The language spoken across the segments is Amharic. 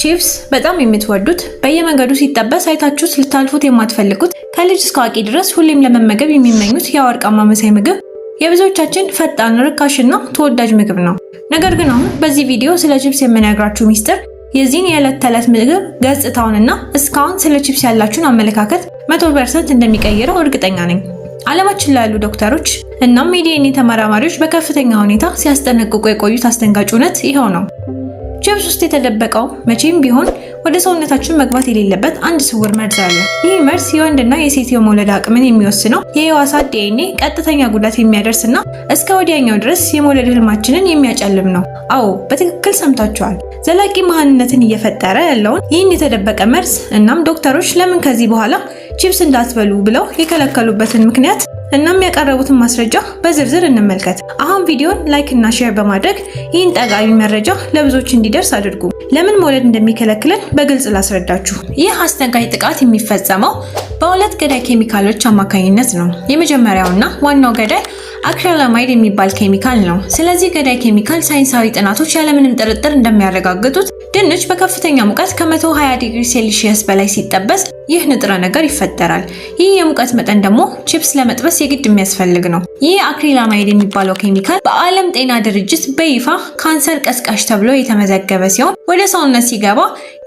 ቺፕስ በጣም የምትወዱት በየመንገዱ ሲጠበስ አይታችሁ ልታልፉት የማትፈልጉት ከልጅ እስከ አዋቂ ድረስ ሁሌም ለመመገብ የሚመኙት የወርቃማ መሳይ ምግብ የብዙዎቻችን ፈጣን ርካሽና ተወዳጅ ምግብ ነው። ነገር ግን አሁን በዚህ ቪዲዮ ስለ ቺፕስ የምነግራችሁ ሚስጥር የዚህን የዕለት ተዕለት ምግብ ገጽታውንና እስካሁን ስለ ቺፕስ ያላችሁን አመለካከት መቶ ፐርሰንት እንደሚቀይረው እርግጠኛ ነኝ። አለማችን ላይ ያሉ ዶክተሮች እናም የዲኤንኤ ተመራማሪዎች በከፍተኛ ሁኔታ ሲያስጠነቅቁ የቆዩት አስደንጋጭ እውነት ይኸው ነው። ጀብስ ውስጥ የተደበቀው መቼም ቢሆን ወደ ሰውነታችን መግባት የሌለበት አንድ ስውር መርዝ አለ። ይህ መርዝ የወንድና የሴት የመውለድ አቅምን የሚወስነው የህዋሳት ዲኤንኤ ቀጥተኛ ጉዳት የሚያደርስና እስከ ወዲያኛው ድረስ የመውለድ ህልማችንን የሚያጨልም ነው። አዎ በትክክል ሰምታችኋል። ዘላቂ መሃንነትን እየፈጠረ ያለውን ይህን የተደበቀ መርዝ እናም ዶክተሮች ለምን ከዚህ በኋላ ቺፕስ እንዳትበሉ ብለው የከለከሉበትን ምክንያት እናም ያቀረቡትን ማስረጃ በዝርዝር እንመልከት። አሁን ቪዲዮን ላይክ እና ሼር በማድረግ ይህን ጠቃሚ መረጃ ለብዙዎች እንዲደርስ አድርጉ። ለምን መውለድ እንደሚከለክለን በግልጽ ላስረዳችሁ። ይህ አስጠንጋጭ ጥቃት የሚፈጸመው በሁለት ገዳይ ኬሚካሎች አማካኝነት ነው። የመጀመሪያውና ዋናው ገዳይ አክሪላማይድ የሚባል ኬሚካል ነው። ስለዚህ ገዳይ ኬሚካል ሳይንሳዊ ጥናቶች ያለምንም ጥርጥር እንደሚያረጋግጡት ድንች በከፍተኛ ሙቀት ከ120 ዲግሪ ሴልሺየስ በላይ ሲጠበስ ይህ ንጥረ ነገር ይፈጠራል። ይህ የሙቀት መጠን ደግሞ ቺፕስ ለመጥበስ የግድ የሚያስፈልግ ነው። ይህ አክሪላማይድ የሚባለው ኬሚካል በዓለም ጤና ድርጅት በይፋ ካንሰር ቀስቃሽ ተብሎ የተመዘገበ ሲሆን ወደ ሰውነት ሲገባ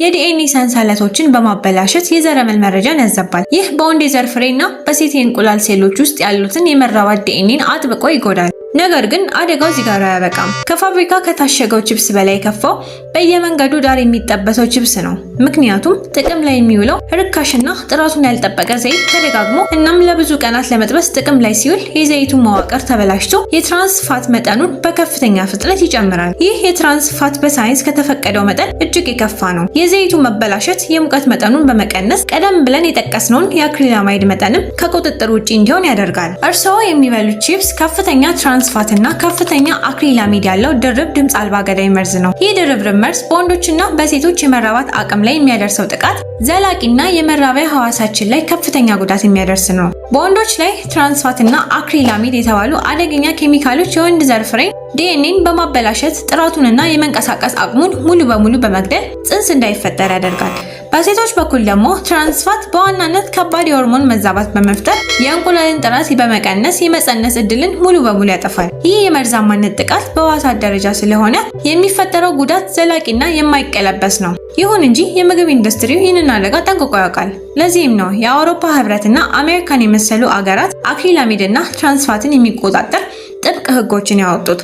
የዲኤንኤ ሰንሰለቶችን በማበላሸት የዘረመል መረጃን ያዘባል። ይህ በወንድ የዘር ፍሬና በሴት የእንቁላል ሴሎች ውስጥ ያሉትን የመራባት ዲኤንኤን አጥብቆ ይጎዳል። ነገር ግን አደጋው እዚህ ጋር አያበቃም። ከፋብሪካ ከታሸገው ችፕስ በላይ የከፋው በየመንገዱ ዳር የሚጠበሰው ችፕስ ነው። ምክንያቱም ጥቅም ላይ የሚውለው ርካሽና ጥራቱን ያልጠበቀ ዘይት ተደጋግሞ እናም ለብዙ ቀናት ለመጥበስ ጥቅም ላይ ሲውል የዘይቱ መዋቅር ተበላሽቶ የትራንስፋት መጠኑን በከፍተኛ ፍጥነት ይጨምራል። ይህ የትራንስፋት በሳይንስ ከተፈቀደው መጠን እጅግ የከፋ ነው። የዘይቱ መበላሸት የሙቀት መጠኑን በመቀነስ ቀደም ብለን የጠቀስነውን የአክሪላማይድ መጠንም ከቁጥጥር ውጭ እንዲሆን ያደርጋል። እርስዎ የሚበሉት ቺፕስ ከፍተኛ ትራንስ ማንስፋትና ከፍተኛ አክሪላሚድ ያለው ድርብ ድምፅ አልባ ገዳይ መርዝ ነው። ይህ ድርብርብ መርዝ በወንዶችና በሴቶች የመራባት አቅም ላይ የሚያደርሰው ጥቃት ዘላቂና የመራቢያ ህዋሳችን ላይ ከፍተኛ ጉዳት የሚያደርስ ነው። በወንዶች ላይ ትራንስፋትና አክሪላሚድ የተባሉ አደገኛ ኬሚካሎች የወንድ ዘር ፍሬን ዲኤንኤን በማበላሸት ጥራቱንና የመንቀሳቀስ አቅሙን ሙሉ በሙሉ በመግደል ጽንስ እንዳይፈጠር ያደርጋል። በሴቶች በኩል ደግሞ ትራንስፋት በዋናነት ከባድ የሆርሞን መዛባት በመፍጠር የእንቁላልን ጥራት በመቀነስ የመፀነስ እድልን ሙሉ በሙሉ ያጠፋል። ይህ የመርዛማነት ጥቃት በዋሳ ደረጃ ስለሆነ የሚፈጠረው ጉዳት ዘላቂና የማይቀለበስ ነው። ይሁን እንጂ የምግብ ኢንዱስትሪው ይህንን አደጋ ጠንቅቆ ያውቃል። ለዚህም ነው የአውሮፓ ህብረትና አሜሪካን የመሰሉ አገራት አክሪላሚድና ትራንስፋትን የሚቆጣጠር ጥብቅ ህጎችን ያወጡት።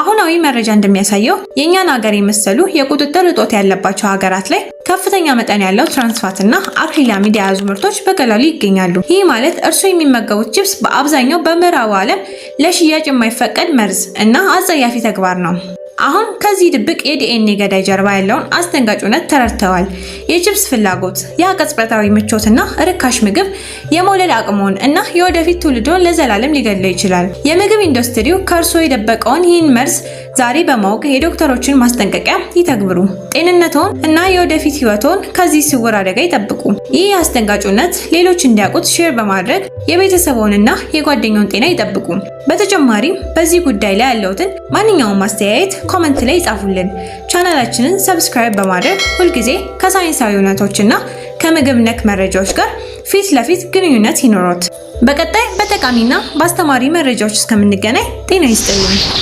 አሁናዊ መረጃ እንደሚያሳየው የእኛን ሀገር የመሰሉ የቁጥጥር እጦት ያለባቸው ሀገራት ላይ ከፍተኛ መጠን ያለው ትራንስፋት እና አክሪላሚድ የያዙ ምርቶች በቀላሉ ይገኛሉ። ይህ ማለት እርስዎ የሚመገቡት ቺፕስ በአብዛኛው በምዕራቡ ዓለም ለሽያጭ የማይፈቀድ መርዝ እና አጸያፊ ተግባር ነው። አሁን ከዚህ ድብቅ የዲኤንኤ ገዳይ ጀርባ ያለውን አስደንጋጭ እውነት ተረድተዋል። የቺፕስ ፍላጎት፣ ያ ቅጽበታዊ ምቾትና ርካሽ ምግብ የመውለድ አቅሙን እና የወደፊት ትውልዶን ለዘላለም ሊገድለው ይችላል። የምግብ ኢንዱስትሪው ከእርስዎ የደበቀውን ይህን መርዝ ዛሬ በማወቅ የዶክተሮችን ማስጠንቀቂያ ይተግብሩ። ጤንነቶን እና የወደፊት ህይወቶን ከዚህ ስውር አደጋ ይጠብቁ። ይህ አስደንጋጭ ሌሎች እንዲያውቁት ሼር በማድረግ የቤተሰቦንና የጓደኛውን ጤና ይጠብቁ። በተጨማሪም በዚህ ጉዳይ ላይ ያለውትን ማንኛውም ማስተያየት ኮመንት ላይ ይጻፉልን። ቻናላችንን ሰብስክራይብ በማድረግ ሁልጊዜ ከሳይንሳዊ እውነቶችና ከምግብ ነክ መረጃዎች ጋር ፊት ለፊት ግንኙነት ይኖሮት። በቀጣይ በጠቃሚና በአስተማሪ መረጃዎች እስከምንገናኝ ጤና ይስጥልን።